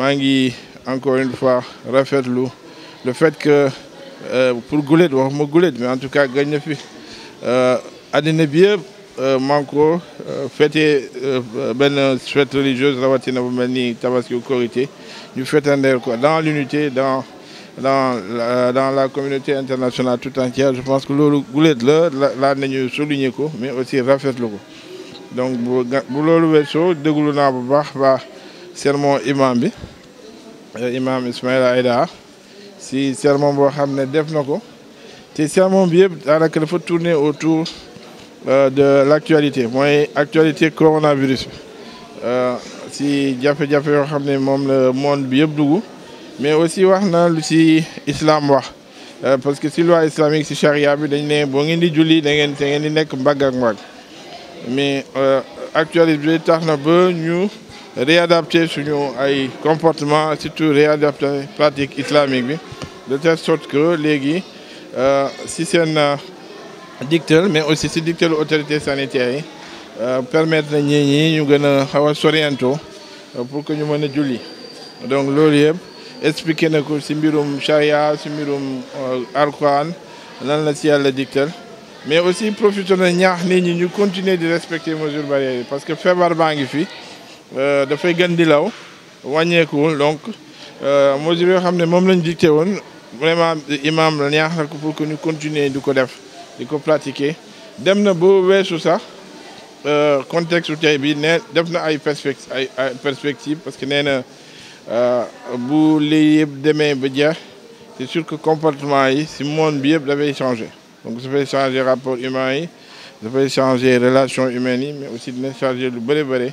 Mangi encore une fois rafetlu le fait que euh, pour Goulet waxuma Goulet mais en tout cas gañ Euh, fi àddina euh, Manko, maa ngi ko euh, fêté euh, benn fête religieuse rawatina bu mel ni tabaski korité ñu fêtandeer ko dans l'unité dans dans dans la communauté internationale tout entière je pense que le Goulet la laa nañu souligner ko mais aussi rafetlu ko donc bu loolu weesoo de naa bu baax baax sermon imam bi eh, imam Ismaïla Aïda si sermon boo xam ne def na ko sermon bi yëpp daanaka dafa tourner autour euh, de l'actualité, actualité actualité coronavirus euh, si jafe-jafe yoo xam le monde bi yëpp mais aussi wax na lu si islam wax euh, parce que si loi islamique si charia bi dañ ne boo ngeen di julli da ngeen da ngeen di nek mbag ak mbagg mais actualité bi tax ba ñu réadapter suñu ay comportement surtout réadapter pratique islamique de telle sorte que gens, euh, si un euh, dictateur, mais aussi si c'est autorité sanitaire de euh, permettre sanitaire, ñii ñi ñu gën nous pour que ñu puissions nous julli donc loolu expliquer que na ko si Sharia, charia si de lan la mais aussi profiter de nous continuer de respecter mesures barrières parce que faire baa euh, dafay gën di law wàññeekuwul donc euh, moi yoo xam ne moom lañ dicté woon vraiment imam la ñaax pour que ñu continuer di ko def di pratiquer dem na bu sax euh, contexte tey bi nee def na ay ay perspective parce que n'est na bu lii yëpp c'est sûr que comportement yi si monde bi yëpp changé changer donc dafay changer rapport humain ça dafay changer relation humaine mais aussi de changer lu bëri bëri